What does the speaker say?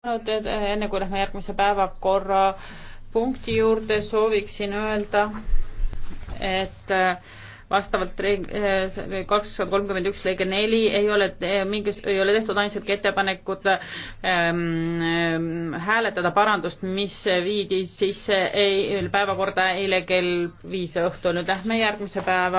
olnud, eh, enne kui lähme järgmise päevakorra punkti juurde, sooviksin öelda, et eh, vastavalt eh, kakssada kolmkümmend üks lõige neli ei ole mingis, ei ole tehtud ainsatki ettepanekut ähm, hääletada parandust, mis viidi sisse ei, päevakorda eile kell viis õhtul. nüüd lähme järgmise päeva